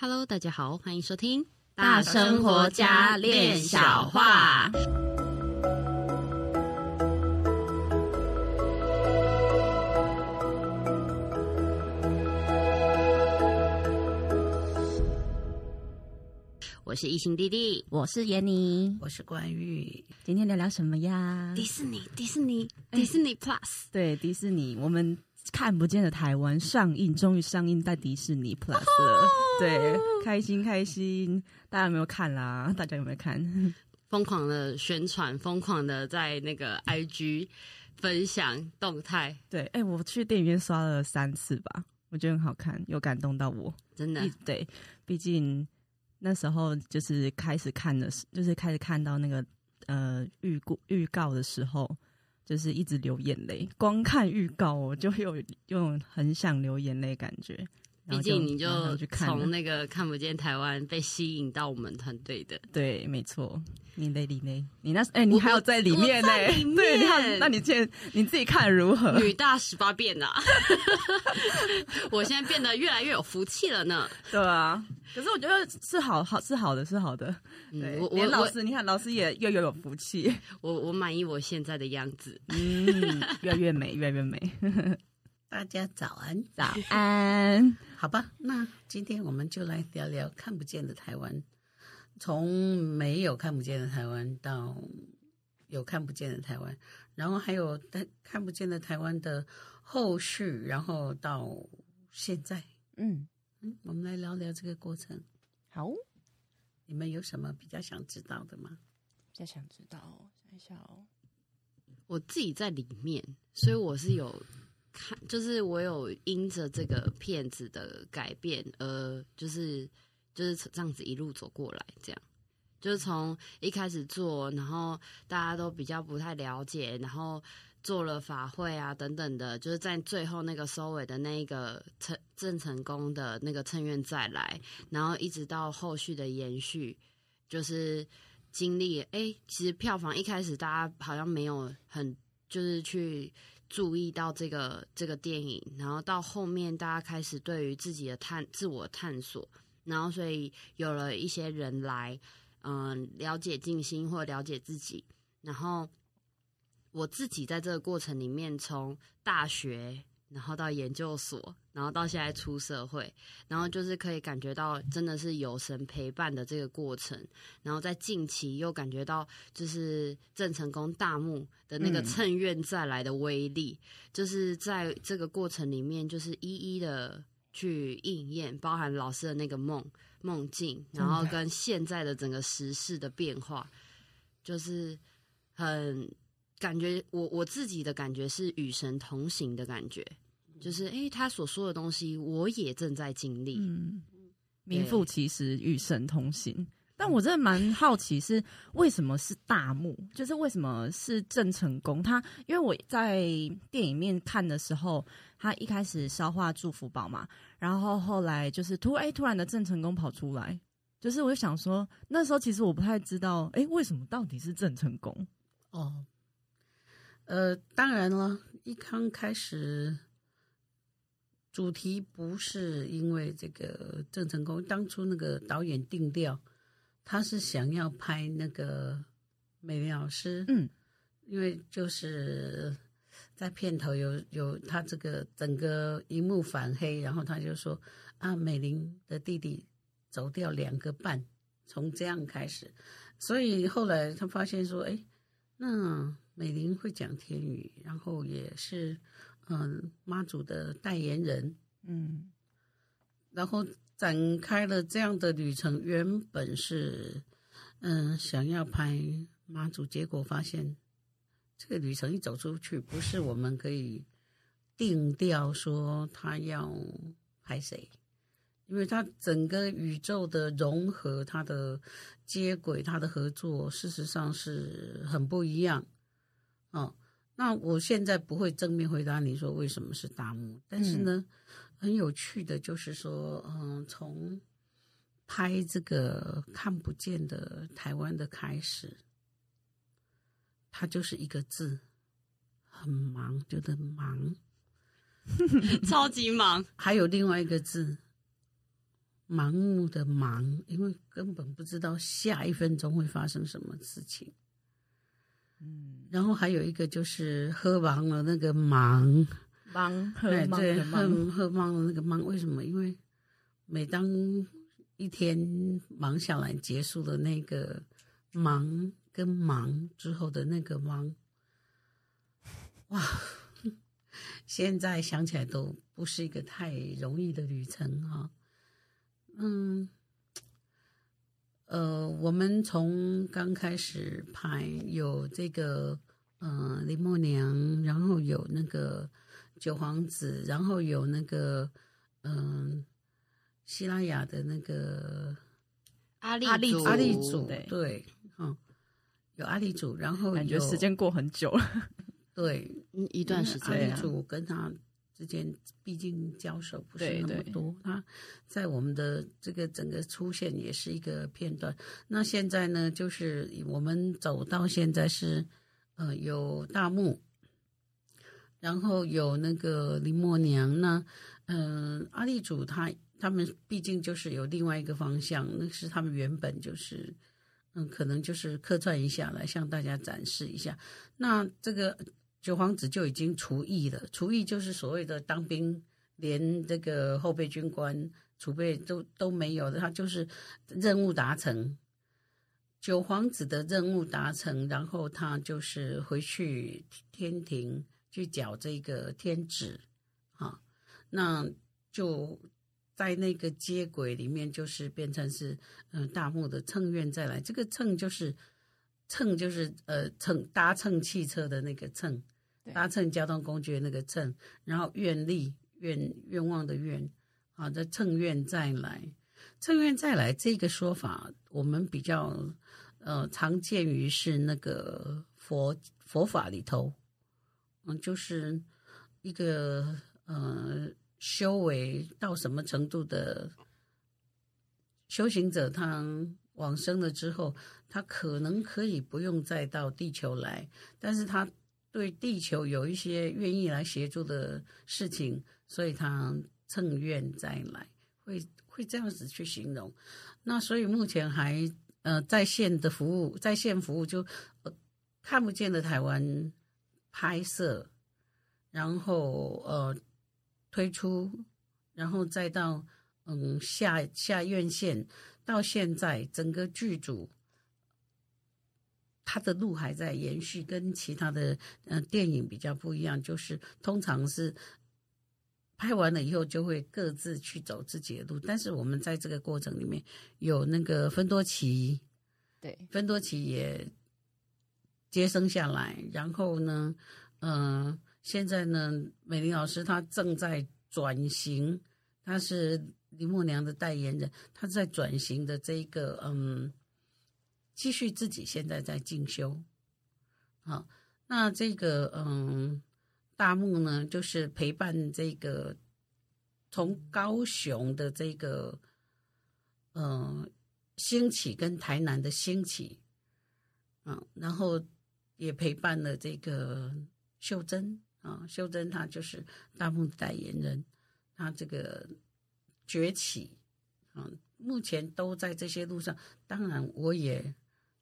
Hello，大家好，歡迎收聽《大生活家練小話》。話，我是易欣弟弟，我是嚴妮，我是關玉。今天聊聊什麼呀？迪士尼，迪士尼，迪士尼 Plus。對，迪士尼，我們。看不見的台灣上映，終於上映在迪士尼 Plus 了，哦、對，開心開心！大家有沒有看啦？大家有沒有看？瘋狂的宣傳，瘋狂的在那個 IG 分享動態。對，哎，我去電影院刷了三次吧，我覺得很好看，有感動到我，真的。對，畢竟那時候就是開始看的時，就是開始看到那個呃預故預告的時候。就是一直流眼淚，光看預告我就有有種很想流眼淚感覺。畢竟你就從那個看不見台灣被吸引到我們團隊的，對，沒錯。你在裡面，你那哎、欸，你還有在裡面呢、欸？面對，你看，那你現在你自己看如何？女大十八變吶、啊， 我現在變得越來越有福氣了呢。對啊，可是我覺得是好好是好的是好的。是好的對，嗯，我我老師，我你看老師也越越有福氣。我我滿意我現在的樣子。 嗯，越來越美，越來越美。 大家早安，早安， 好吧。那今天我們就來聊聊看不見的台灣，從沒有看不見的台灣到有看不見的台灣，然後還有看不見的台灣的後續，然後到現在，嗯嗯，我們來聊聊這個過程。好，你們有什麼比較想知道的嗎？比較想知道，想一想哦。我自己在裡面，所以我是有、嗯。就是我有因着這個片子的改變而就是就是這樣子一路走過來，這樣就是從一開始做，然後大家都比較不太了解，然後做了法會啊等等的，就是在最後那個收尾的那一個成鄭成功的那個乘願再來，然後一直到後續的延續，就是經歷哎，其實票房一開始大家好像沒有很就是去。注意到這個這個電影，然後到後面大家開始對於自己的探、自我探索，然後所以有了一些人來嗯了解靜心或了解自己，然後我自己在這個過程裡面從大學。然後到研究所，然後到現在出社會，然後就是可以感覺到真的是有神陪伴的這個過程。然後在近期又感覺到，就是鄭成功大幕的那個“乘願再來的威力”，嗯、就是在這個過程裡面，就是一一的去應驗，包含老師的那個夢夢境，然後跟現在的整個時事的變化，就是很。感覺我我自己的感覺是與神同行的感覺，就是哎、欸，他所說的東西我也正在經歷、嗯，名副其實與神同行。對但我真的蠻好奇是 為什麼是大木，就是為什麼是鄭成功？他因為我在電影面看的時候，他一開始燒化祝福寶嘛，然後後來就是突、欸、突然的鄭成功跑出來，就是我就想說，那時候其實我不太知道，哎、欸，為什麼到底是鄭成功？哦。呃，當然了，一剛開始，主題不是因為這個鄭成功當初那個導演定調，他是想要拍那個美玲老師，嗯，因為就是在片頭有有他這個整個熒幕反黑，然後他就說啊，美玲的弟弟走掉兩個半，從這樣開始，所以後來他發現說，哎，那。美玲會講天語，然後也是，嗯、呃，媽祖的代言人，嗯，然後展開了這樣的旅程。原本是，嗯、呃，想要拍媽祖，結果發現這個旅程一走出去，不是我們可以定調說他要拍誰，因為他整個宇宙的融合、他的接軌、他的合作，事實上是很不一樣。哦、那我現在不會正面回答你說為什麼是大幕，但是呢，嗯、很有趣的，就是說，嗯、呃，從拍這個看不見的台灣的開始，它就是一個字，很忙，就得忙， 超級忙。還有另外一個字，盲目的盲，因為根本不知道下一分鐘會發生什麼事情。嗯，然後還有一個就是喝完了那個忙，忙，對，忙，喝忙的那個忙，為什麼？因為每當一天忙下來結束的那個忙跟忙之後的那個忙，哇，現在想起來都不是一個太容易的旅程啊，嗯。呃，我們從剛開始拍有這個，嗯、呃，林默娘，然後有那個九皇子，然後有那個，嗯、呃，西拉雅的那個阿立阿立阿立祖對,對，嗯，有阿立祖，然後有感覺時間過很久了，對一，一段時間，啊、阿立祖跟他。之間畢竟交手不是那麼多，他對在我們的這個整個出現也是一個片段。那現在呢，就是我們走到現在是，呃，有大木，然後有那個林默娘呢，嗯、呃，阿力主他他們畢竟就是有另外一個方向，那是他們原本就是，嗯、呃，可能就是客串一下來向大家展示一下。那這個。九皇子就已經除役了，除役就是所謂的當兵，連這個後備軍官儲備都都沒有的。他就是任務達成，九皇子的任務達成，然後他就是回去天庭去繳這個天旨。啊，那就在那個接軌裡面，就是變成是嗯、呃、大墓的乘願再來，這個乘就是乘就是呃乘搭乘汽車的那個乘。搭乘交通工具的那個乘，然後願力願願望的願，好、啊，的，乘願再來，乘願再來這個說法，我們比較呃常見於是那個佛佛法裡頭，嗯，就是一個呃修為到什麼程度的修行者，他往生了之後，他可能可以不用再到地球來，但是他。對地球有一些願意來協助的事情，所以他趁願再來，會會這樣子去形容。那所以目前還呃在線的服務，在線服務就、呃、看不見的台灣拍攝，然後呃推出，然後再到嗯下下院線，到現在整個劇組。他的路還在延續，跟其他的嗯、呃、電影比較不一樣，就是通常是拍完了以後就會各自去走自己的路。但是我們在這個過程裡面有那個芬多奇，對，芬多奇也接生下來。然後呢，嗯、呃，現在呢，美玲老師她正在轉型，她是林默娘的代言人，她在轉型的這一個嗯。繼續自己現在在進修，啊，那這個嗯、呃，大木呢，就是陪伴這個從高雄的這個嗯興、呃、起，跟台南的興起，嗯、啊，然後也陪伴了這個秀珍啊，秀珍她就是大木的代言人，她這個崛起啊，目前都在這些路上，當然我也。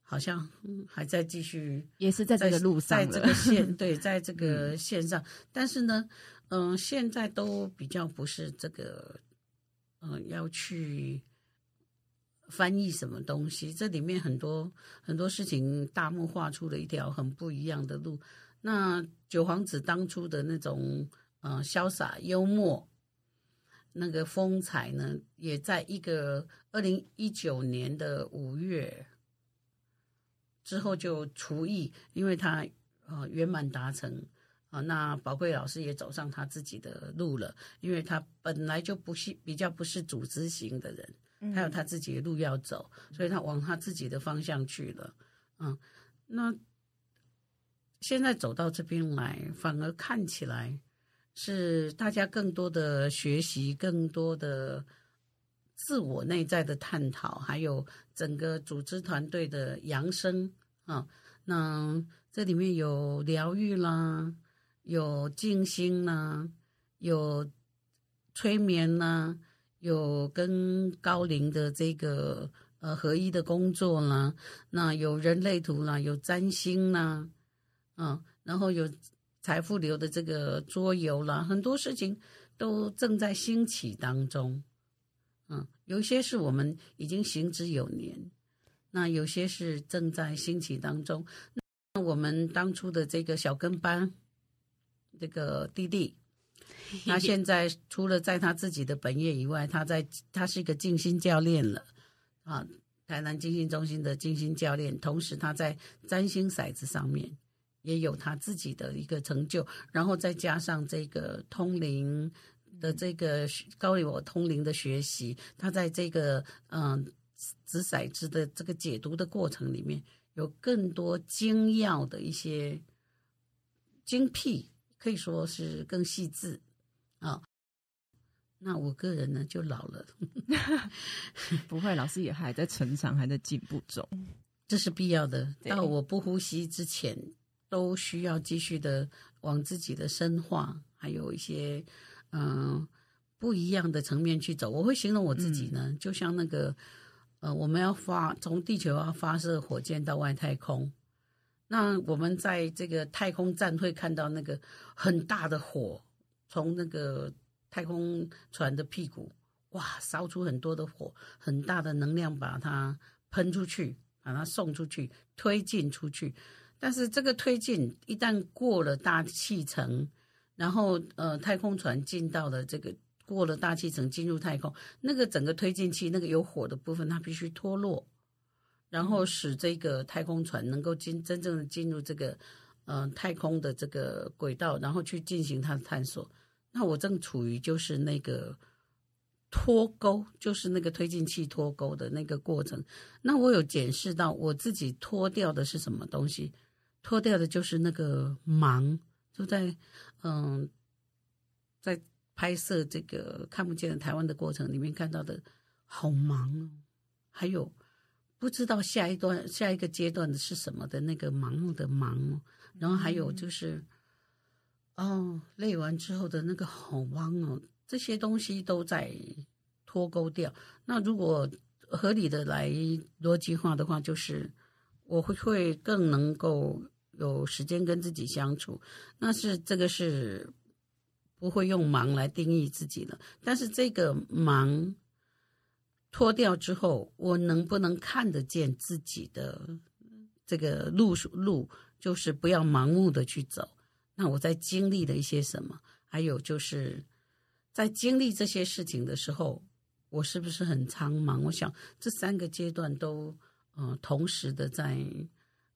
好像還在繼續，也是在這個路上在，在這個線，對，在這個線上。 嗯、但是呢，嗯、呃，現在都比較不是這個，嗯、呃，要去翻譯什麼東西。這裡面很多很多事情，大幕畫出了一條很不一樣的路。那九皇子當初的那種，嗯、呃，瀟灑幽默那個風采呢，也在一個二零一九年的五月。之後就除役，因為他呃圓滿達成啊、呃，那寶貴老師也走上他自己的路了，因為他本來就不是比較不是組織型的人，還有他自己的路要走，嗯、所以他往他自己的方向去了，嗯，那現在走到這邊來，反而看起來是大家更多的學習，更多的自我內在的探討，還有。整個組織團隊的揚升啊，那這裡面有療癒啦，有靜心啦，有催眠啦，有跟高靈的這個呃合一的工作啦，那有人類圖啦，有占星啦，嗯、啊，然後有財富流的這個桌遊啦，很多事情都正在興起當中。有些是我們已經行之有年，那有些是正在興起當中。那我們當初的這個小跟班，這個弟弟，他現在除了在他自己的本業以外，他在他是一個靜心教練了啊，台南靜心中心的靜心教練，同時他在占星骰子上面也有他自己的一個成就，然後再加上這個通靈的這個高於我通靈的學習，他在這個嗯擲、呃、骰子的這個解讀的過程裡面，有更多精要的一些精闢，可以說是更細致啊、哦。那我個人呢，就老了， 不會，老師也還在成長，還在進步中，這是必要的。對到我不呼吸之前，都需要繼續的往自己的深化，還有一些。嗯、呃，不一樣的層面去走。我會形容我自己呢，嗯、就像那個，呃，我們要發從地球要發射火箭到外太空，那我們在這個太空站會看到那個很大的火，從那個太空船的屁股哇燒出很多的火，很大的能量把它噴出去，把它送出去，推進出去。但是這個推進一旦過了大氣層。然後，呃，太空船進到了這個過了大氣層進入太空，那個整個推進器那個有火的部分它必須脫落，然後使這個太空船能夠進真正的進入這個，呃，太空的這個軌道，然後去進行它的探索。那我正處於就是那個脫鈎，就是那個推進器脫鈎的那個過程。那我有檢視到我自己脫掉的是什麼東西，脫掉的就是那個盲，就在。嗯，在拍攝這個看不見的台灣的過程裡面看到的，好忙哦，還有不知道下一段下一個階段的是什麼的那個盲目的忙哦，然後還有就是嗯嗯哦累完之後的那個好忙哦，這些東西都在脫鈎掉。那如果合理的來邏輯化的話，就是我會會更能夠。有時間跟自己相處，那是這個是不會用忙來定義自己的。但是這個忙脫掉之後，我能不能看得見自己的這個路路？就是不要盲目的去走。那我在經歷了一些什麼？還有就是在經歷這些事情的時候，我是不是很蒼茫？我想這三個階段都嗯、呃、同時的在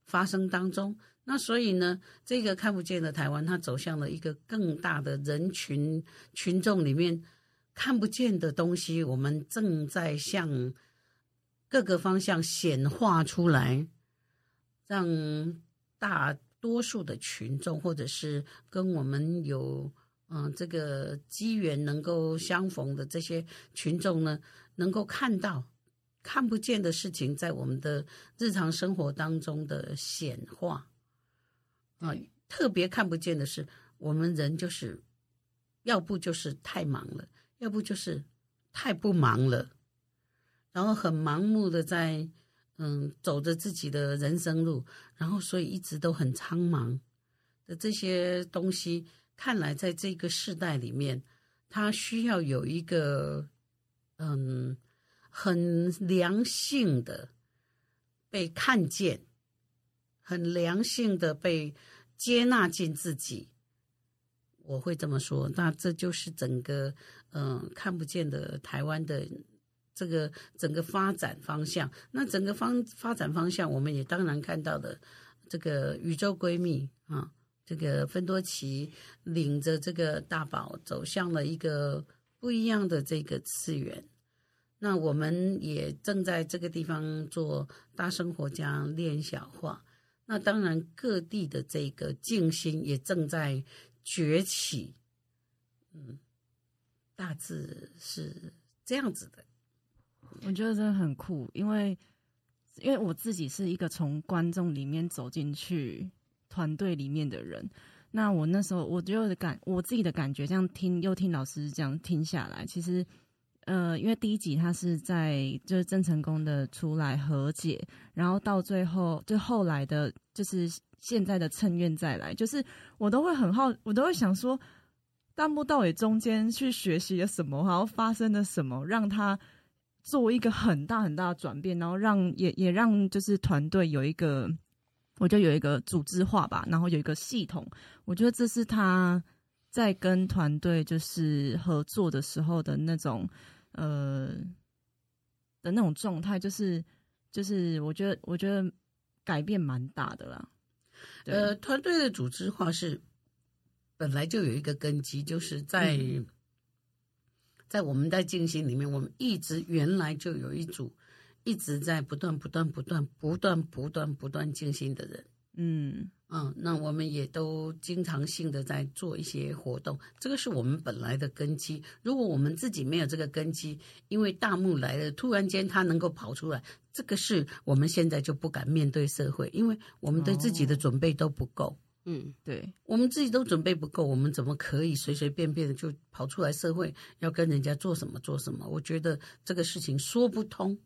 發生當中。那所以呢，這個看不見的台灣，它走向了一個更大的人群群眾裡面，看不見的東西，我們正在向各個方向顯化出來，讓大多數的群眾，或者是跟我們有嗯、呃、這個機緣能夠相逢的這些群眾呢，能夠看到看不見的事情在我們的日常生活當中的顯化。啊，嗯、特別看不見的是，我們人就是，要不就是太忙了，要不就是太不忙了，然後很盲目的在嗯走着自己的人生路，然後所以一直都很蒼茫的這些東西，看來在這個世代裡面，它需要有一個嗯很良性的被看見，很良性的被。接納進自己，我會這麼說。那這就是整個，嗯，看不見的台灣的這個整個發展方向。那整個方發展方向，我們也當然看到的，這個宇宙閨蜜啊，這個芬多奇領着這個大寶走向了一個不一樣的這個次元。那我們也正在這個地方做大生活，家，練小化。那當然，各地的這個靜心也正在崛起，嗯，大致是這樣子的。我覺得真的很酷，因為因為我自己是一個從觀眾裡面走進去團隊裡面的人。那我那時候，我就感，我自己的感覺，這樣聽，又聽老師這樣聽下來，其實。呃，因為第一集他是在就是鄭成功的出來和解，然後到最後就後來的，就是現在的乘願再來，就是我都會很好，我都會想說，彈幕到底中間去學習了什麼，然後發生了什麼，讓他做一個很大很大的轉變，然後讓也也讓就是團隊有一個，我就有一個組織化吧，然後有一個系統，我覺得這是他在跟團隊就是合作的時候的那種。呃，的那種狀態就是，就是我覺得，我覺得改變蠻大的啦。呃，團隊的組織化是本來就有一個根基，就是在、嗯、在我們在靜心裡面，我們一直原來就有一組一直在不斷、不斷、不斷、不斷、不斷、不，不斷靜心的人。嗯嗯、啊，那我們也都經常性的在做一些活動，這個是我們本來的根基。如果我們自己沒有這個根基，因為大幕來了，突然間他能夠跑出來，這個是我們現在就不敢面對社會，因為我們對自己的準備都不夠。哦、嗯，對，我們自己都準備不夠，我們怎麼可以隨隨便便就跑出來社會，要跟人家做什麼做什麼？我覺得這個事情說不通，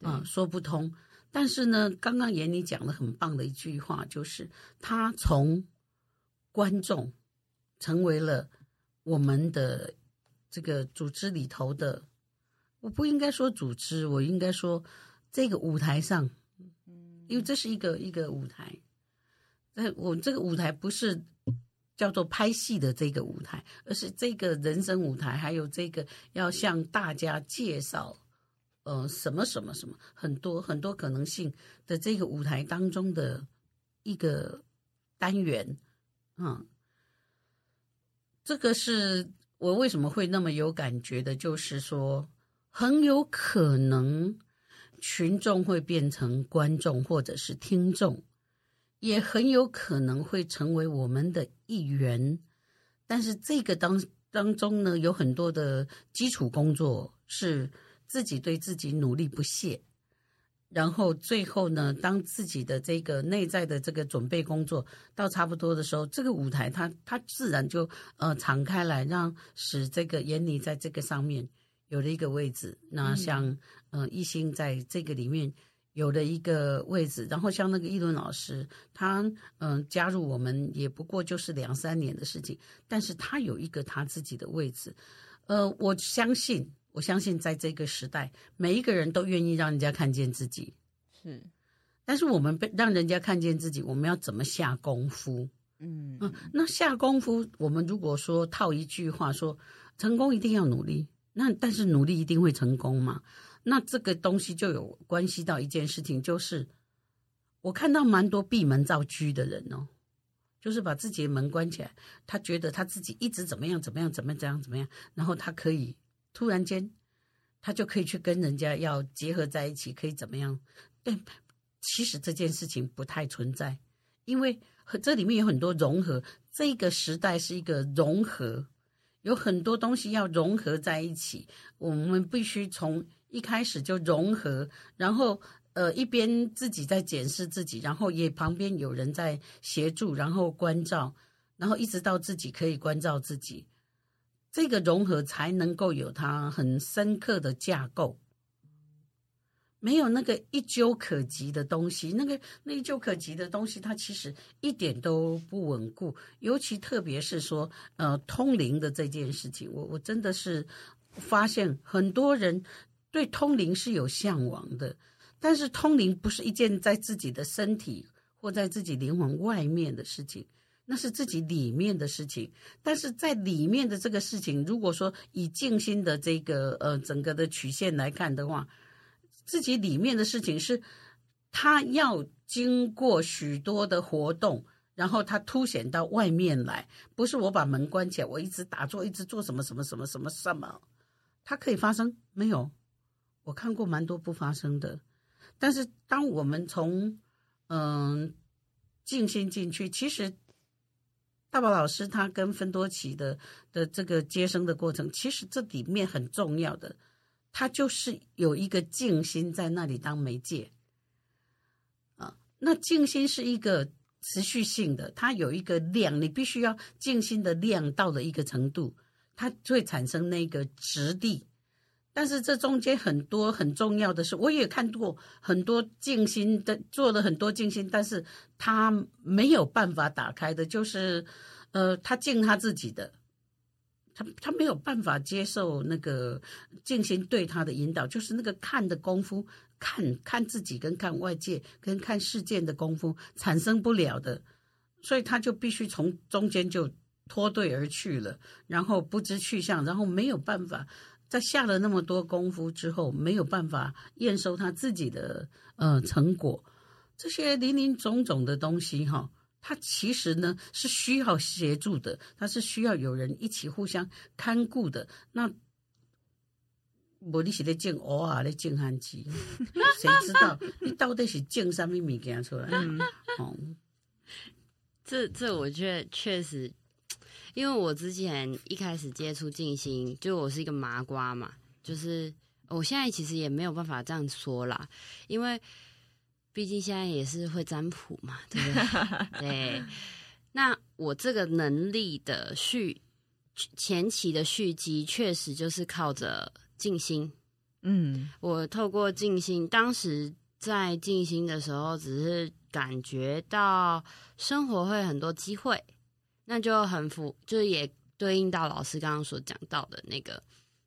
啊，對說不通。但是呢，剛剛嚴妮講的很棒的一句話，就是他從觀眾成為了我們的這個組織裡頭的。我不應該說組織，我應該說這個舞台上，因為這是一個一個舞台。那我這個舞台不是叫做拍戲的這個舞台，而是這個人生舞台，還有這個要向大家介紹。呃，什麼什麼什麼，很多很多可能性的這個舞台當中的一個單元，嗯，這個是我為什麼會那麼有感覺的，就是說，很有可能群眾會變成觀眾或者是聽眾，也很有可能會成為我們的一員，但是這個當當中呢，有很多的基礎工作是。自己對自己努力不懈，然後最後呢，當自己的這個內在的這個準備工作到差不多的時候，這個舞台它它自然就呃敞開來，讓使這個閆妮在這個上面有了一個位置。那像嗯藝興、呃、在這個裡面有了一個位置，然後像那個議論老師，他嗯、呃、加入我們也不過就是兩三年的事情，但是他有一個他自己的位置，呃，我相信。我相信，在這個時代，每一個人都願意讓人家看見自己。是，但是我們被讓人家看見自己，我們要怎麼下功夫？嗯、啊、那下功夫，我們如果說套一句話說，成功一定要努力。那但是努力一定會成功嗎？那這個東西就有關係到一件事情，就是我看到蠻多閉門造車的人哦，就是把自己的門關起來，他覺得他自己一直怎麼樣怎麼樣，怎麼樣怎麼樣怎麼樣，然後他可以。突然間，他就可以去跟人家要結合在一起，可以怎麼樣？但其實這件事情不太存在，因為和這裡面有很多融合。這個時代是一個融合，有很多東西要融合在一起。我們必須從一開始就融合，然後呃一邊自己在檢視自己，然後也旁邊有人在協助，然後關照，然後一直到自己可以關照自己。這個融合才能夠有它很深刻的架構，沒有那個一蹴可及的東西，那個，那個那一蹴可及的東西，它其實一點都不穩固。尤其特別是說，呃，通靈的這件事情我，我我真的是發現很多人對通靈是有向往的，但是通靈不是一件在自己的身體或在自己靈魂外面的事情。那是自己裡面的事情，但是在裡面的這個事情，如果說以靜心的這個呃整個的曲線來看的話，自己裡面的事情是，他要經過許多的活動，然後他凸顯到外面來。不是我把門關起來，我一直打坐，一直做什麼什麼什麼什麼什麼，它可以發生沒有？我看過蠻多不發生的，但是當我們從嗯、呃、靜心進去，其實。大寶老師，他跟芬多奇的的這個接生的過程，其實這裡面很重要的，他就是有一個靜心在那裡當媒介啊。那靜心是一個持續性的，它有一個量，你必須要靜心的量到了一個程度，它會產生那個質地。但是這中間很多很重要的事，我也看過很多靜心的，做了很多靜心，但是他沒有辦法打開的，就是，呃，他靜他自己的，他他沒有辦法接受那個靜心對他的引導，就是那個看的功夫，看看自己跟看外界跟看世界的功夫產生不了的，所以他就必須從中間就脫隊而去了，然後不知去向，然後沒有辦法。在下了那麼多功夫之後，沒有辦法驗收他自己的呃成果，這些林林總總的東西哈，他、哦、其實呢是需要協助的，他是需要有人一起互相看顧的。那，我你是咧種芋啊，咧種蕃茄，誰知道 你到底是種什麼物件出來？嗯、哦，這這我覺得確實。因為我之前一開始接觸靜心，就我是一個麻瓜嘛，就是我現在其實也沒有辦法這樣說啦，因為畢竟現在也是會占卜嘛，對不對？ 對。那我這個能力的續前期的蓄積，確實就是靠着靜心。嗯，我透過靜心，當時在靜心的時候，只是感覺到生活會很多機會。那就很符，就也對應到老師剛剛所講到的那個，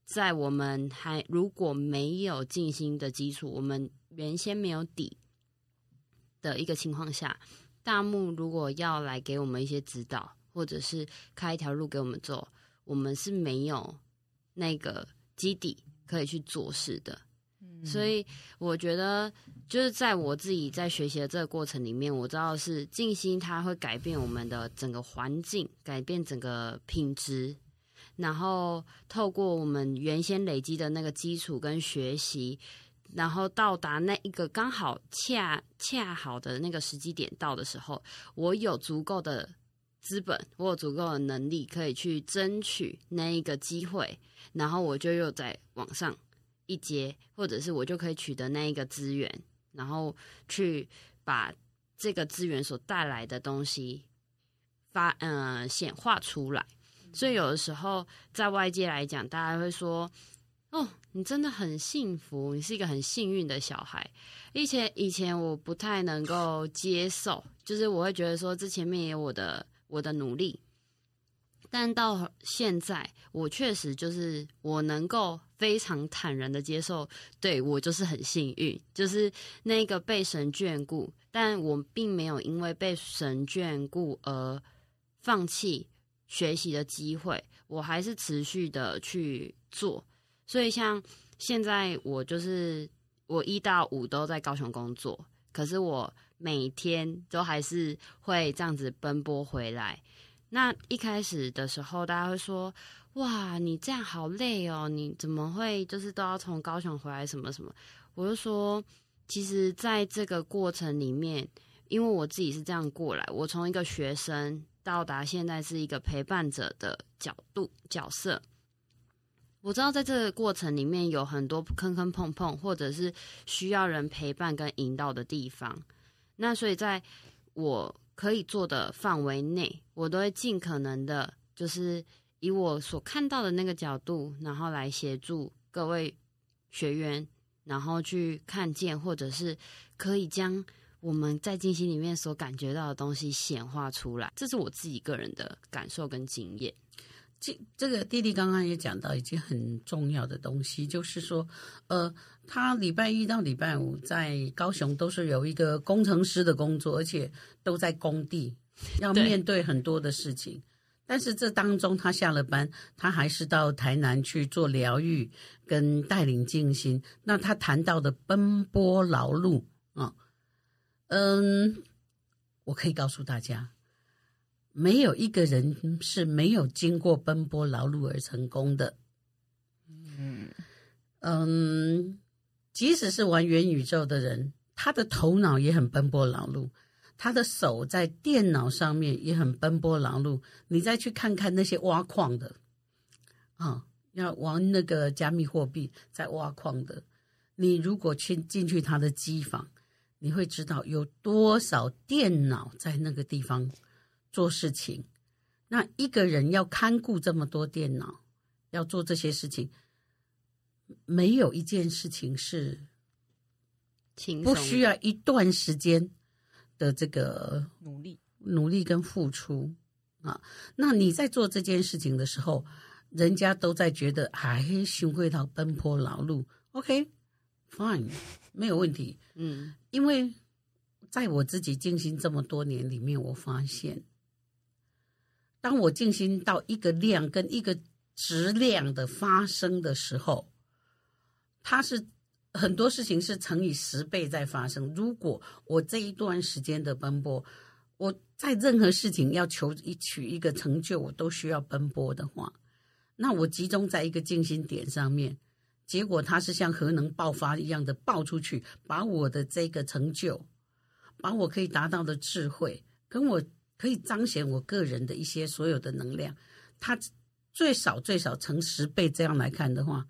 在我們還如果沒有靜心的基礎，我們原先沒有底的一個情況下，大木如果要來給我們一些指導，或者是開一條路給我們走，我們是沒有那個基底可以去做事的，嗯、所以我覺得。就是在我自己在學習的這個過程裡面，我知道是靜心，它會改變我們的整個環境，改變整個品質。然後透過我們原先累積的那個基礎跟學習，然後到達那一個剛好恰恰好的那個時機點到的時候，我有足夠的資本，我有足夠的能力可以去爭取那一個機會，然後我就又再往上一階，或者是我就可以取得那一個資源。然後去把這個資源所帶來的東西發嗯、呃、顯化出來，所以有的時候在外界來講，大家會說：“哦，你真的很幸福，你是一個很幸運的小孩。”以前以前我不太能夠接受，就是我會覺得說，這前面也有我的我的努力。但到現在，我確實就是我能夠非常坦然的接受，對我就是很幸運，就是那個被神眷顧，但我並沒有因為被神眷顧而放棄學習的機會，我還是持續的去做。所以像現在，我就是我一到五都在高雄工作，可是我每天都還是會這樣子奔波回來。那一開始的時候，大家會說：“哇，你這樣好累哦，你怎麼會就是都要從高雄回來什麼什麼？”我就說，其實在這個過程裡面，因為我自己是這樣過來，我從一個學生到達現在是一個陪伴者的角度角色，我知道在這個過程裡面有很多坑坑碰碰，或者是需要人陪伴跟引導的地方。那所以在我可以做的範圍內，我都會盡可能的，就是以我所看到的那個角度，然後來協助各位學員，然後去看見，或者是可以將我們在靜心裡面所感覺到的東西顯化出來。這是我自己個人的感受跟經驗。這這個弟弟剛剛也講到一件很重要的東西，就是說，呃，他禮拜一到禮拜五在高雄都是有一個工程師的工作，而且都在工地，要面對很多的事情。對但是這當中他下了班，他還是到台南去做療癒跟帶領靜心。那他談到的奔波勞碌啊，哦，嗯，我可以告訴大家，沒有一個人是沒有經過奔波勞碌而成功的。嗯，即使是玩元宇宙的人，他的頭腦也很奔波勞碌，他的手在電腦上面也很奔波勞碌。你再去看看那些挖礦的啊，要玩那個加密貨幣在挖礦的，你如果去進去他的機房，你會知道有多少電腦在那個地方。做事情，那一個人要看顧這麼多電腦，要做這些事情，沒有一件事情是不需要一段時間的這個努力努力跟付出啊。那你在做這件事情的時候，人家都在覺得還辛苦到奔波勞碌。OK，fine，okay, 沒有問題。嗯，因為在我自己進行這麼多年裡面，我發現。當我靜心到一個量跟一個質量的發生的時候，它是很多事情是乘以十倍在發生。如果我這一段時間的奔波，我在任何事情要求一取一個成就，我都需要奔波的話，那我集中在一個靜心點上面，結果它是像核能爆發一樣的爆出去，把我的這個成就，把我可以達到的智慧，跟我。可以彰顯我個人的一些所有的能量，它最少最少乘十倍，這樣來看的話，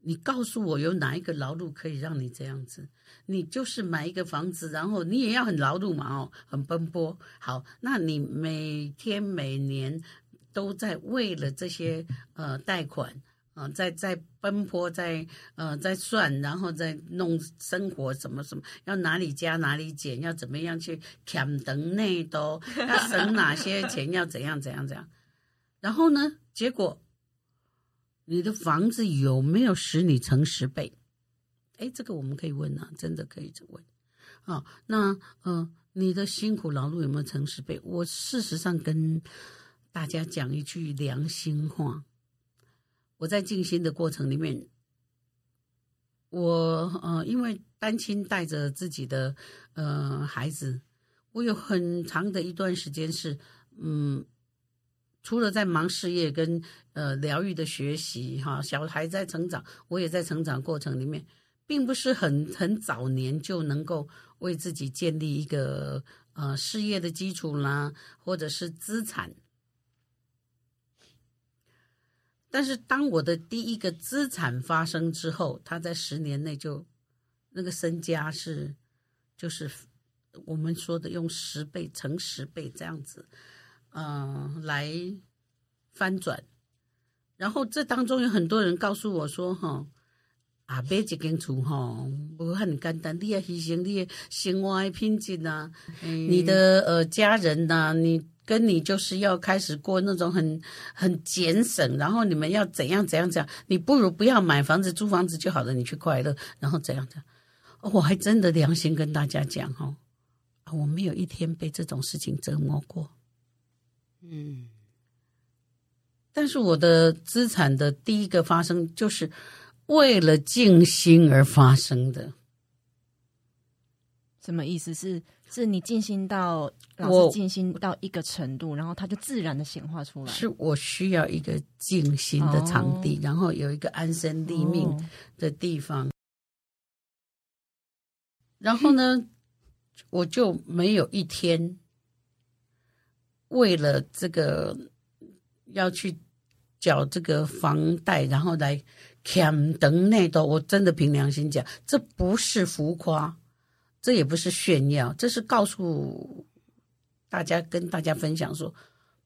你告訴我有哪一個勞碌可以讓你這樣子？你就是買一個房子，然後你也要很勞碌嘛哦，很奔波。好，那你每天每年都在為了這些呃貸款。啊、呃，在在奔波，在呃在算，然後在弄生活什麼什麼，要哪裡加哪裡減，要怎麼樣去填等內都，要省哪些錢， 要怎樣怎樣怎樣。然後呢，結果你的房子有沒有使你成十倍？哎，這個我們可以問啊，真的可以這麼問。啊、哦，那呃，你的辛苦勞碌有沒有成十倍？我事實上跟大家講一句良心話。我在靜心的過程裡面，我呃，因為單親帶着自己的呃孩子，我有很長的一段時間是嗯，除了在忙事業跟呃療癒的學習哈，小孩在成長，我也在成長過程裡面，並不是很很早年就能夠為自己建立一個呃事業的基礎啦，或者是資產。但是，當我的第一個資產发生之後，他在十年內就那個身家是，就是我們說的用十倍乘十倍這樣子，嗯、呃，來翻轉。然後這當中有很多人告訴我說：“哈，啊，買一間厝，哈，我很簡單，你也你行，你也行，生活的品質吶，你的,的,、啊嗯、你的呃家人吶、啊，你。”跟你就是要開始過那種很很節省，然後你們要怎樣怎樣怎樣，你不如不要買房子租房子就好了，你去快樂，然後怎樣怎樣，樣、哦。我還真的良心跟大家講哈、哦，我沒有一天被這種事情折磨過，嗯，但是我的資產的第一個發生，就是為了靜心而發生的。什麼意思是是？是你靜心到，老師靜心到一個程度，我然後它就自然的顯化出來。是我需要一個靜心的場地，哦、然後有一個安身立命的地方。哦、然後呢，哼我就沒有一天為了這個要去繳這個房貸，然後來扛房貸的。我真的憑良心講，這不是浮誇。這也不是炫耀，這是告訴大家，跟大家分享說，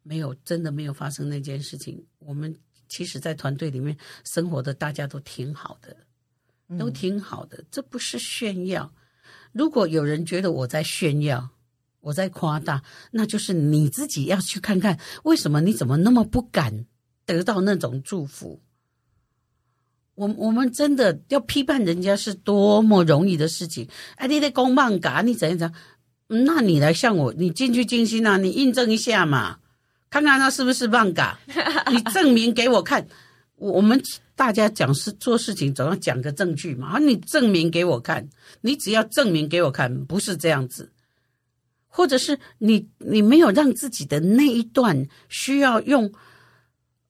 沒有，真的沒有發生那件事情。我們其實，在團隊裡面生活的大家都挺好的，都挺好的，這不是炫耀。如果有人覺得我在炫耀，我在誇大，那就是你自己要去看看，為什麼你怎麼那麼不敢得到那種祝福。我我們真的要批判人家是多麼容易的事情。哎，你得公罵嘎，你怎樣怎樣？那你來向我，你進去靜心啊，你印證一下嘛，看看他是不是罵嘎。你證明給我看。 我們大家講事做事情，總要講個證據嘛。啊，你證明給我看，你只要證明給我看，不是這樣子，或者是你你沒有讓自己的那一段需要用，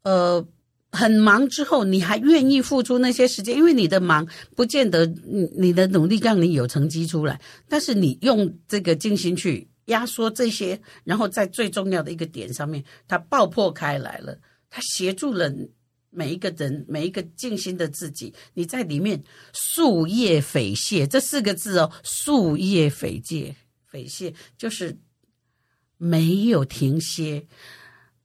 呃。很忙之後，你還願意付出那些時間？因為你的忙不見得，你的努力讓你有成績出來。但是你用這個靜心去壓縮這些，然後在最重要的一個點上面，它爆破開來了。它協助了每一個人，每一個靜心的自己。你在裡面夙夜匪懈，這四個字哦，夙夜匪懈，匪懈就是沒有停歇。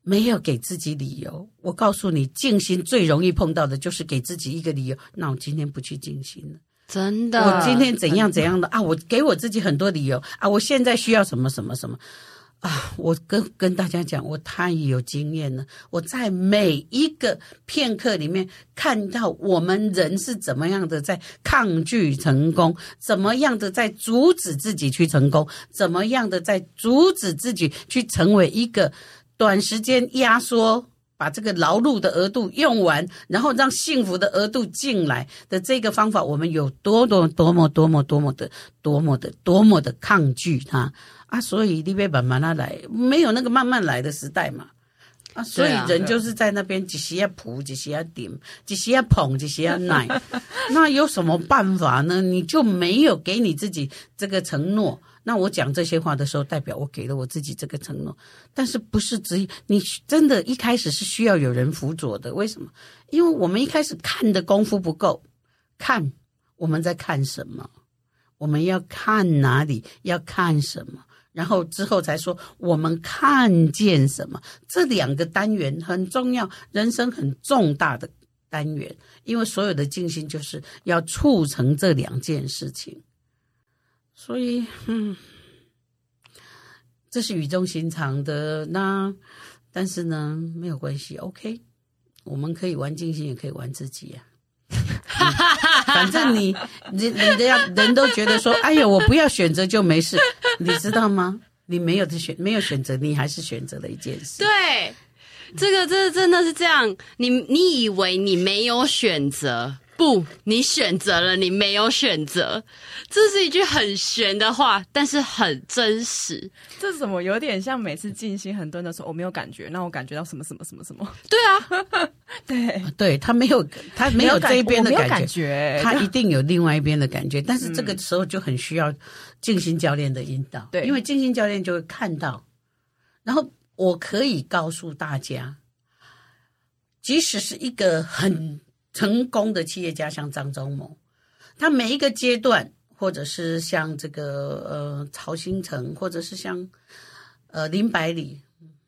沒有給自己理由，我告訴你，靜心最容易碰到的就是給自己一個理由。那我今天不去靜心了，真的。我今天怎樣怎樣的啊？我給我自己很多理由啊！我現在需要什麼什麼什麼啊？我跟跟大家講，我太有經驗了。我在每一個片刻裡面看到，我們人是怎麼樣的在抗拒成功，怎麼樣的在阻止自己去成功，怎麼樣的在阻止自己去成為一個，短時間壓縮，把這個勞碌的額度用完，然後讓幸福的額度進來的這個方法，我們有多多多麼多麼多麼多麼的多麼的多麼的，多麼的抗拒哈啊！所以你別慢慢的來沒有那個慢慢來的時代嘛啊！所以人就是在那邊只需要撲，只需要頂，只需要捧，只需要奶， 那有什麼辦法呢？你就沒有給你自己這個承諾。那我講這些話的時候，代表我給了我自己這個承諾，但是不是只，你真的一開始是需要有人輔佐的，為什麼？因為我們一開始看的功夫不夠，看我們在看什麼，我們要看哪裡，要看什麼，然後之後才說我們看見什麼。這兩個單元很重要，人生很重大的單元，因為所有的靜心就是要促成這兩件事情。所以、嗯，這是語重心長的。那，但是呢，沒有關係，OK，我們可以玩靜心，也可以玩自己呀、啊。 反正你，你，人家人都覺得說：“哎呀，我不要選擇就沒事。”你知道嗎？你沒有的選，沒有選擇，你還是選擇了一件事。對，這個，這真的是這樣。你，你以為你沒有選擇？不，你選擇了，你沒有選擇，這是一句很玄的話，但是很真實。這怎麼有點像每次靜心很多人的時候，我沒有感覺，那我感覺到什麼什麼什麼什麼？對啊， 對對，他沒有，他沒有這一邊的感覺，感感覺他一定有另外一邊的感覺。樣但是這個時候就很需要靜心教練的引導，對、嗯，因為靜心教練就會看到。然後我可以告訴大家，即使是一個很。成功的企業家像張忠謀，他每一個階段，或者是像這個呃曹興誠，或者是像呃林百里，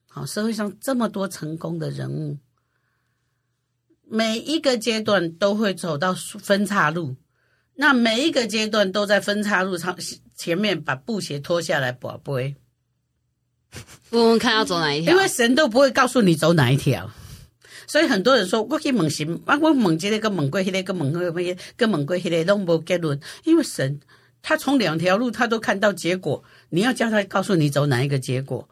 好、哦，社會上這麼多成功的人物，每一個階段都會走到分岔路，那每一個階段都在分岔路上前面把布鞋脫下來，寶貝，問問看要走哪一條？因為神都不會告訴你走哪一條。所以很多人說，我去問神啊，我猛見那跟問鬼，那個問鬼什麼，跟問鬼，那個攏無、那個那個、結論。因為神，他從兩條路，他都看到結果。你要叫他告訴你走哪一個結果，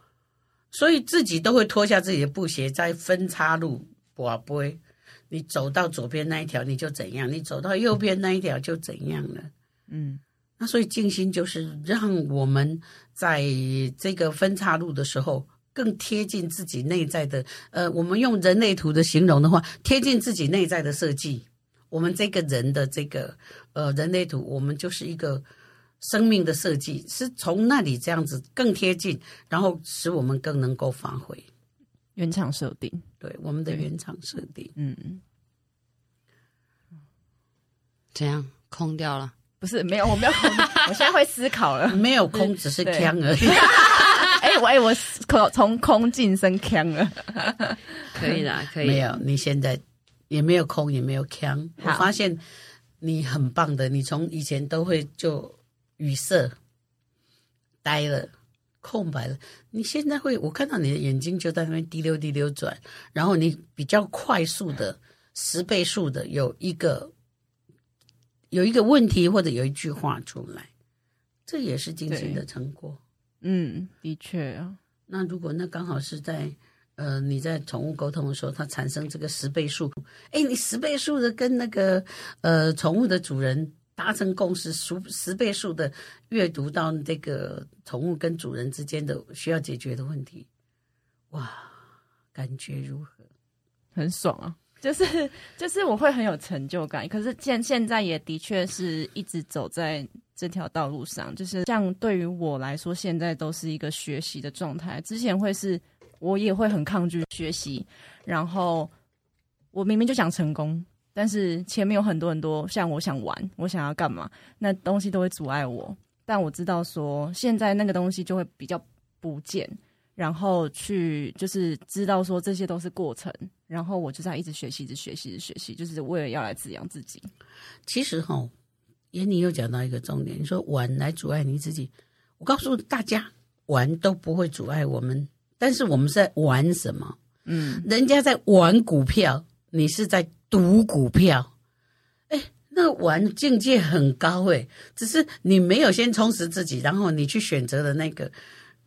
所以自己都會脫下自己的布鞋，在分岔路，寶貝，你走到左邊那一條，你就怎樣；你走到右邊那一條，就怎樣了。嗯，那所以靜心就是讓我們在這個分岔路的時候。更貼近自己內在的，呃，我們用人類圖的形容的話，貼近自己內在的設計，我們這個人的這個呃人類圖，我們就是一個生命的設計，是從那裡這樣子更貼近，然後使我們更能夠發揮原廠設定，對我們的原廠設定，嗯，怎樣空掉了？不是沒有，我沒有空， 我現在會思考了，沒有空，是只是鏘而已。對 哎、欸，我我從空晉升腔了， 可以啦，可以。沒有，你現在也沒有空，也沒有腔好我發現你很棒的，你從以前都會就語塞、呆了、空白了，你現在會，我看到你的眼睛就在那邊滴溜滴溜轉，然後你比較快速的、嗯、十倍速的有一個有一個問題或者有一句話出來，這也是靜心的成果。嗯，的確啊。那如果那剛好是在呃，你在寵物溝通的時候，它產生這個十倍數，哎、欸，你十倍數的跟那個呃寵物的主人達成共識，數十倍數的閱讀到這個寵物跟主人之間的需要解決的問題，哇，感覺如何？很爽啊！就是就是我會很有成就感，可是現現在也的確是一直走在這條道路上，就是像對於我來說，現在都是一個學習的狀態。之前會是我也會很抗拒學習，然後我明明就想成功，但是前面有很多很多，像我想玩，我想要幹嘛，那東西都會阻礙我。但我知道說，現在那個東西就會比較不見。然後去就是知道說這些都是過程，然後我就在一直學習、一直學習、一直學習，就是為了要來滋養自己。其實哈、哦，嚴你又講到一個重點，你說玩來阻礙你自己，我告訴大家，玩都不會阻礙我們，但是我們是在玩什麼？嗯，人家在玩股票，你是在賭股票，哎，那玩境界很高哎、欸，只是你沒有先充實自己，然後你去選擇的那個。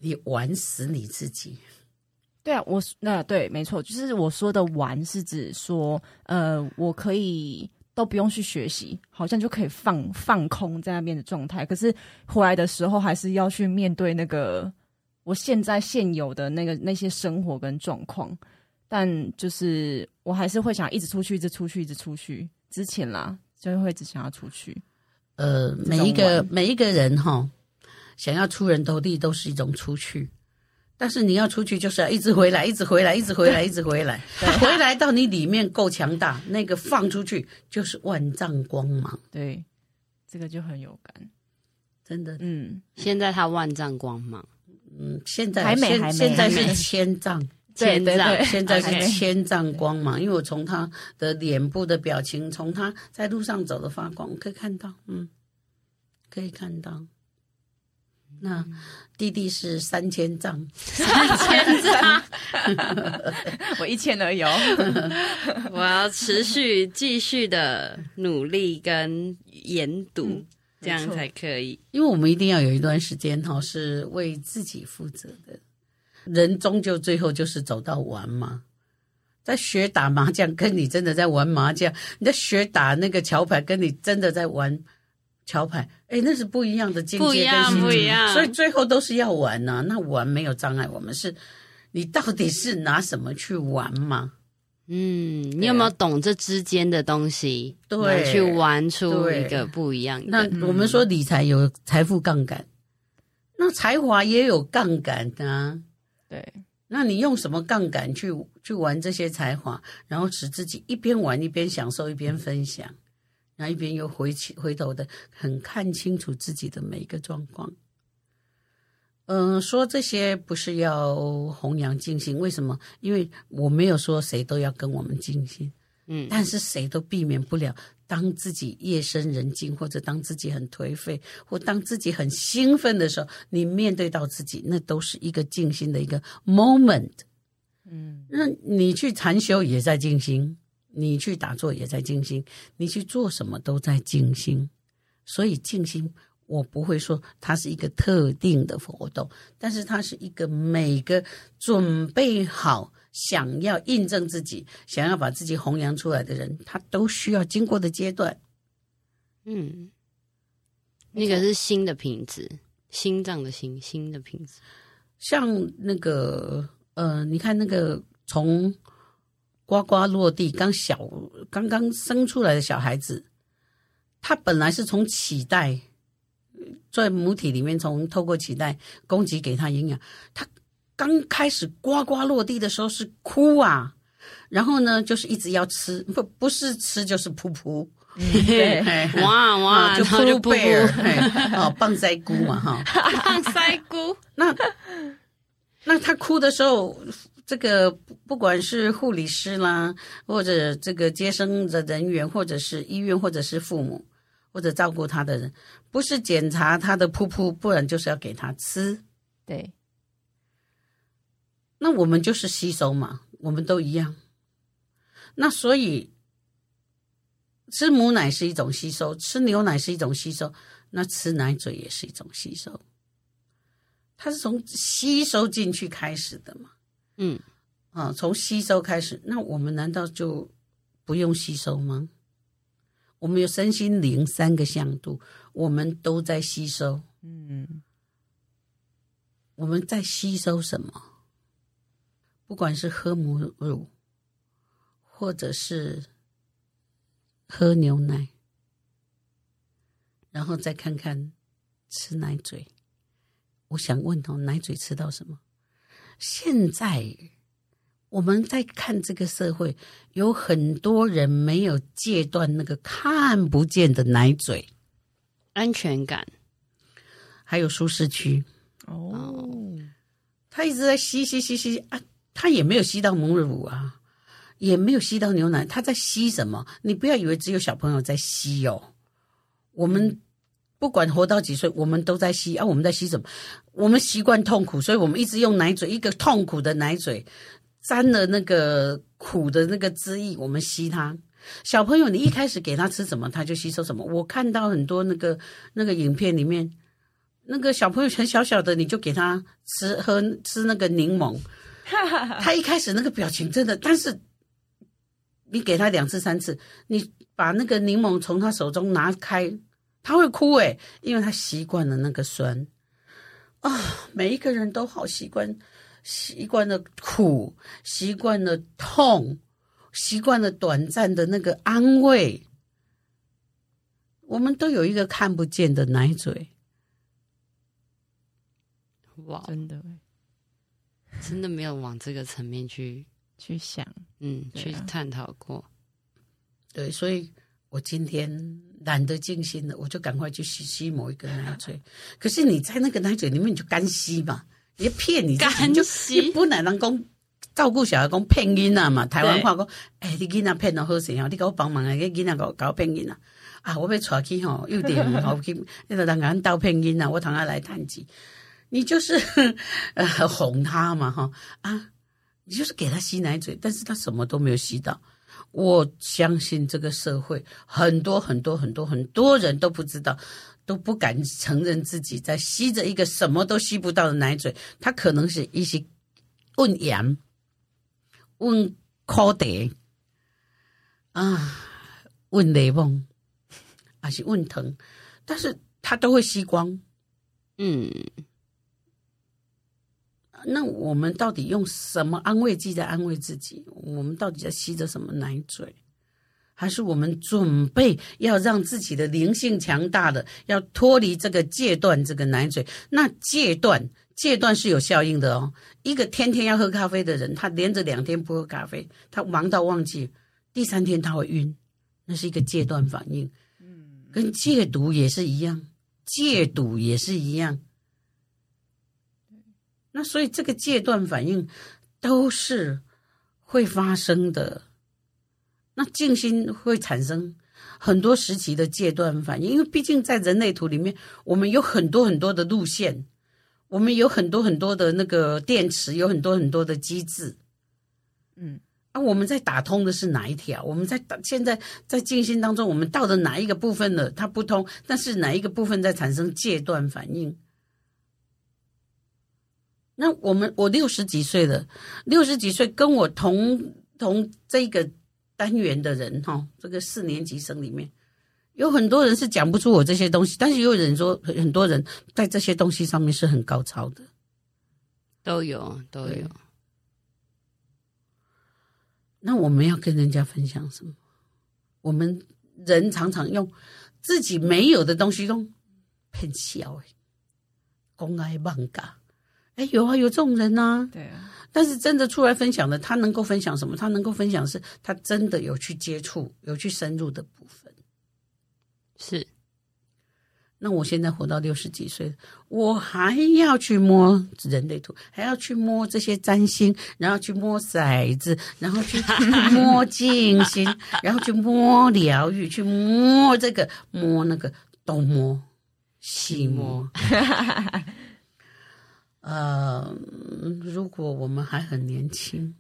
你玩死你自己。對啊，我那對、啊、對，沒錯，就是我說的玩是指說，呃，我可以都不用去學習，好像就可以放放空在那邊的狀態。可是回來的時候，還是要去面對那個我現在現有的那個那些生活跟狀況。但就是我還是會想一直出去，一直出去，一直出去。之前啦，就會一直想要出去。呃，每，每一個每一個人哈、哦。想要出人頭地，都是一種出去。但是你要出去，就是要一直回來，一直回來，一直回來，一直回來，對 回來到你裡面夠強大，那個放出去就是萬丈光芒。對，這個就很有感，真的。嗯，現在他萬丈光芒。嗯，現在還沒，還沒。現在是千丈，千丈。對對對，現在是千丈光芒，okay 因為我從他的臉部的表情，從他在路上走的發光，可以看到，嗯，可以看到。那弟弟是三千丈，三千丈， 我一千都有， 我要持續繼續的努力跟研讀，嗯、這樣才可以。因為我們一定要有一段時間哈，是為自己負責的、嗯、人，終究最後就是走到玩嘛。在學打麻將，跟你真的在玩麻將；你在學打那個橋牌，跟你真的在玩。橋牌，哎、欸，那是不一樣的境界，不一樣，不一樣，所以最後都是要玩吶、啊。那玩沒有障礙，我們是，你到底是拿什麼去玩嘛？嗯，你有沒有懂這之間的東西？對，去玩出一個不一樣的。那我們說理財有財富槓桿，嗯、那才華也有槓桿啊。對，那你用什麼槓桿去去玩這些才華，然後使自己一邊玩一邊享受一邊分享？嗯然後一邊又回去回頭的很看清楚自己的每一個狀況。嗯、呃，說這些不是要弘揚靜心，為什麼？因為我沒有說誰都要跟我們靜心。嗯，但是誰都避免不了，當自己夜深人靜，或者當自己很頹廢，或當自己很興奮的時候，你面對到自己，那都是一個靜心的一個 moment。嗯，那你去禪修也在靜心。你去打坐也在靜心，你去做什麼都在靜心，所以靜心我不會說它是一個特定的活動，但是它是一個每個準備好想要印證自己、想要把自己弘揚出來的人，他都需要經過的階段。嗯，那個是心的品質，心臟的心，心的品質，像那個呃，你看那個從。呱呱落地，剛小剛剛生出來的小孩子，他本來是從臍帶在母體裡面從透過臍帶供給給他營養。他剛開始呱呱落地的時候是哭啊，然後呢就是一直要吃，不不是吃就是噗噗、嗯。 哇哇， 就噗 P 噗。哦， 棒塞菇嘛哈，棒塞菇。 那那他哭的時候。這個不，不管是護理師啦，或者這個接生的人員，或者是醫院，或者是父母，或者照顧他的人，不是檢查他的噗噗，不然就是要給他吃。對。那我們就是吸收嘛，我們都一樣。那所以吃母奶是一種吸收，吃牛奶是一種吸收，那吃奶嘴也是一種吸收。它是從吸收進去開始的嘛。嗯，啊、哦，從吸收開始，那我們難道就不用吸收嗎？我們有身心靈三個向度，我們都在吸收。嗯，我們在吸收什麼？不管是喝母乳，或者是喝牛奶，然後再看看吃奶嘴。我想問喔，奶嘴吃到什麼？現在我們在看這個社會，有很多人沒有戒斷那個看不見的奶嘴，安全感，還有舒適區。哦，他一直在吸吸吸吸啊，他也沒有吸到母乳啊，也沒有吸到牛奶，他在吸什麼？你不要以為只有小朋友在吸哦，我們。不管活到幾歲，我們都在吸啊！我們在吸什麼？我們習慣痛苦，所以我們一直用奶嘴，一個痛苦的奶嘴，沾了那個苦的那個汁液，我們吸它。小朋友，你一開始給他吃什麼，他就吸收什麼。我看到很多那個那個影片裡面，那個小朋友很小小的，你就給他吃喝吃那個檸檬，他一開始那個表情真的。但是你給他兩次三次，你把那個檸檬從他手中拿開。他會哭哎，因為他習慣了那個酸啊、哦！每一個人都好習慣，習慣了苦，習慣了痛，習慣了短暫的那個安慰。我們都有一個看不見的奶嘴。哇，真的，真的沒有往這個層面去 去想，嗯，啊、去探討過。對，所以。我今天懶得靜心了，我就趕快去吸某一個奶嘴。可是你在那個奶嘴裡面，你就乾吸嘛，你騙你乾吸。息就本來人講照顧小孩，講拼音啊嘛，台灣話講，哎對、欸，你給仔騙得好神啊，你給我幫忙，你給囡仔搞搞拼音啊。啊，我被抓去吼、喔，有點好聽那個人家教拼音啊，我等下來談機。你就是呃哄他嘛哈啊，你就是給他吸奶嘴，但是他什麼都沒有吸到。我相信這個社會很多很多很多很多人都不知道，都不敢承認自己在吸着一個什麼都吸不到的奶嘴。他可能是一些問鹽、問烤碟啊、問雷蒙，還是問疼，但是他都會吸光。嗯。那我們到底用什麼安慰劑在安慰自己？我們到底在吸着什麼奶嘴？還是我們準備要讓自己的靈性強大的，要脫離這個戒斷這個奶嘴？那戒斷戒斷是有效應的哦。一個天天要喝咖啡的人，他連着兩天不喝咖啡，他忙到忘記，第三天他會暈，那是一個戒斷反應。嗯，跟戒毒也是一樣，戒毒也是一樣。那所以這個戒斷反應都是會發生的。那靜心會產生很多時期的戒斷反應，因為畢竟在人類圖裡面，我們有很多很多的路線，我們有很多很多的那個電池，有很多很多的機制。嗯，啊，我們在打通的是哪一條？我們在現在在靜心當中，我們到的哪一個部分呢？它不通，但是哪一個部分在產生戒斷反應？那我們我六十幾歲了，六十幾歲跟我同同這個單元的人哈、哦，這個四年級生裡面有很多人是講不出我這些東西，但是有，有人說，很多人在這些東西上面是很高超的，都有都有。那我們要跟人家分享什麼？我們人常常用自己沒有的東西都很小，公愛忘嘎。哎，有啊，有這種人啊。對啊，但是真的出來分享的，他能夠分享什麼？他能夠分享是，他真的有去接觸，有去深入的部分。是。那我現在活到六十幾歲，我還要去摸人類圖，還要去摸這些占星，然後去摸骰子，然後去摸靜心， 然後去摸療癒，去摸這個，摸那個，東摸，嗯，西摸。 呃，如果我們還很年輕，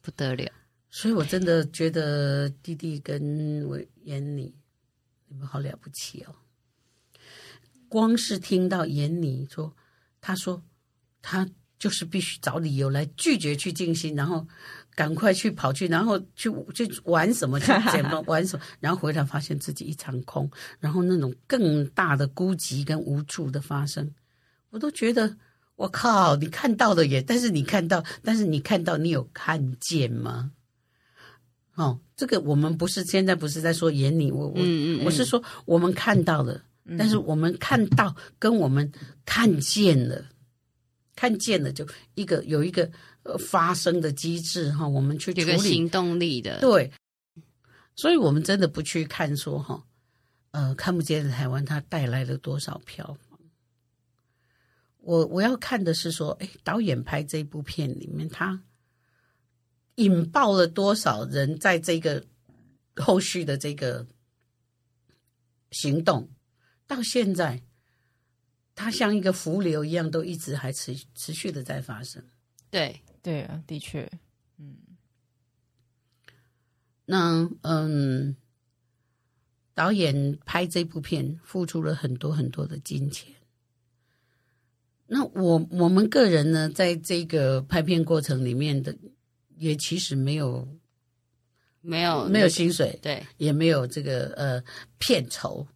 不得了。所以我真的覺得弟弟跟我眼裡，你們好了不起哦。光是聽到眼里說，他說他就是必須找理由來拒絕去靜心，然後趕快去跑去，然後去去玩什麼去，簡單玩什麼， 然後回來發現自己一場空，然後那種更大的孤寂跟無助的發生。我都覺得，我靠！你看到了耶，但是你看到，但是你看到，你有看見嗎？哦，這個我們不是現在不是在說眼裡，我我、嗯嗯、我是說我們看到了，嗯、但是我們看到、嗯、跟我們看見了，看見了就一個有一個呃發生的機制哈、哦，我們去有個行動力的對，所以我們真的不去看說哈，呃，看不見的台灣它帶來了多少票。我我要看的是說，哎，導演拍這部片裡面，他引爆了多少人在這個後續的這個行動？到現在，他像一個伏流一樣，都一直還持持續的在發生。對對啊，的確，嗯。那嗯，導演拍這部片付出了很多很多的金錢。那我我們個人呢，在這個拍片過程裡面的，也其實沒有，沒有沒有薪水，對，也沒有這個呃片酬。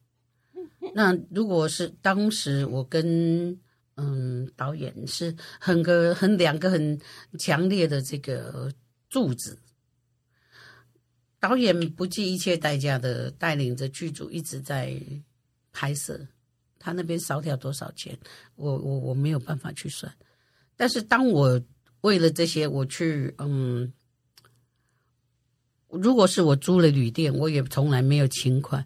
那如果是當時我跟嗯導演是很個很兩個很強烈的這個柱子，導演不計一切代價的帶領着劇組一直在拍攝。他那邊少掉多少錢？我我我沒有辦法去算。但是當我為了這些，我去嗯，如果是我租了旅店，我也從來沒有請款；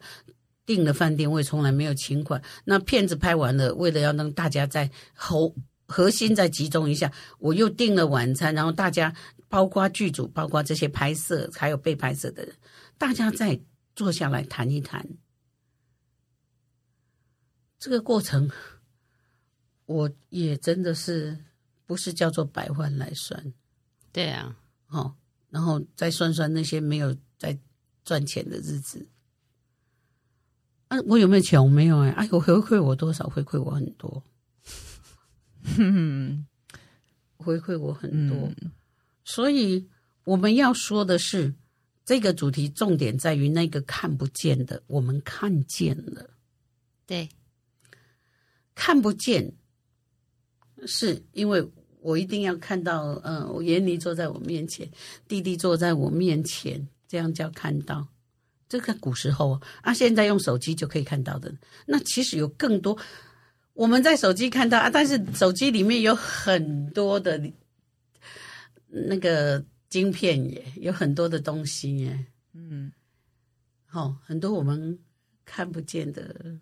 訂了飯店，我也從來沒有請款。那片子拍完了，為了要讓大家在核核心再集中一下，我又訂了晚餐，然後大家包括劇組、包括這些拍攝還有被拍攝的人，大家再坐下來談一談。這個過程，我也真的是不是叫做百萬來算？對啊，好，然後再算算那些沒有在賺錢的日子，啊。我有沒有錢？我沒有哎，欸。哎呦，回饋我多少？回饋我很多。嗯，回饋我很多。嗯、所以我們要說的是，這個主題重點在於那個看不見的，我們看見了。對。看不見，是因為我一定要看到。嗯、呃，閆妮坐在我面前，弟弟坐在我面前，這樣叫看到。這個古時候啊，啊，現在用手機就可以看到的。那其實有更多我們在手機看到，啊，但是手機裡面有很多的，那個晶片也，有很多的東西耶。嗯，好、哦，很多我們看不見的。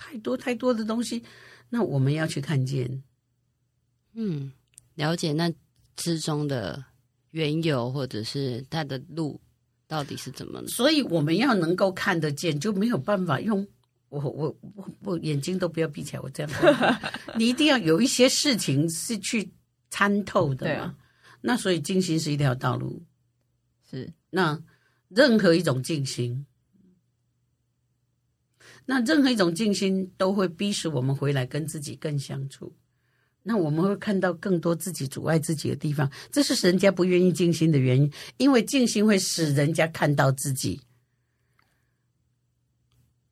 太多太多的東西，那我們要去看見，嗯，了解那之中的緣由，或者是他的路到底是怎麼了？所以我們要能夠看得見，就沒有辦法用我我我，我眼睛都不要閉起來，我這樣， 你一定要有一些事情是去參透的嘛。對啊。那所以靜心是一條道路，是，那任何一種靜心。那任何一種靜心都會逼使我們回來跟自己更相處，那我們會看到更多自己阻礙自己的地方。這是人家不願意靜心的原因，因為靜心會使人家看到自己。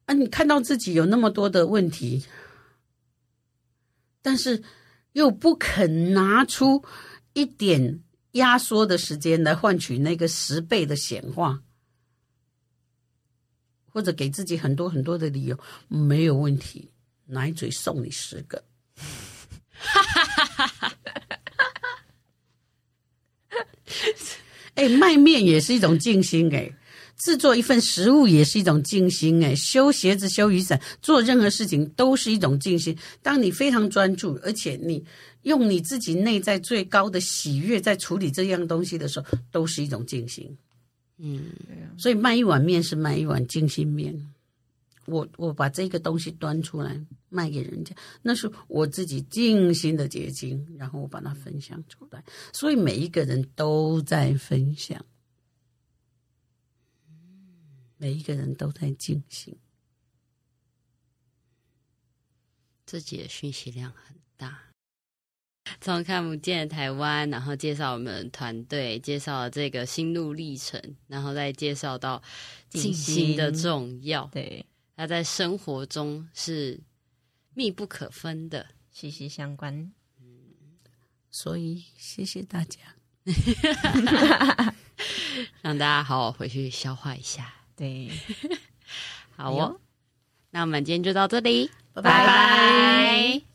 啊，你看到自己有那麼多的問題，但是又不肯拿出一點壓縮的時間來換取那個十倍的顯化。或者給自己很多很多的理由，沒有問題。奶嘴送你十個。 哎，賣麵也是一種靜心。哎，製作一份食物也是一種靜心。哎，修鞋子、修雨傘，做任何事情都是一種靜心。當你非常專注，而且你用你自己內在最高的喜悅在處理這樣東西的時候，都是一種靜心。嗯，啊、所以賣一碗麵是賣一碗靜心麵。我我把這個東西端出來賣給人家，那是我自己靜心的結晶，然後我把它分享出來。嗯、所以每一個人都在分享，嗯、每一個人都在靜心，自己的訊息量很大。從看不見的台灣，然後介紹我們團隊，介紹這個心路歷程，然後再介紹到靜心的重要，對，它在生活中是密不可分的，息息相關。嗯，所以謝謝大家， 讓大家好好回去消化一下。對，好哦，那我們今天就到這裡，拜拜 Bye bye。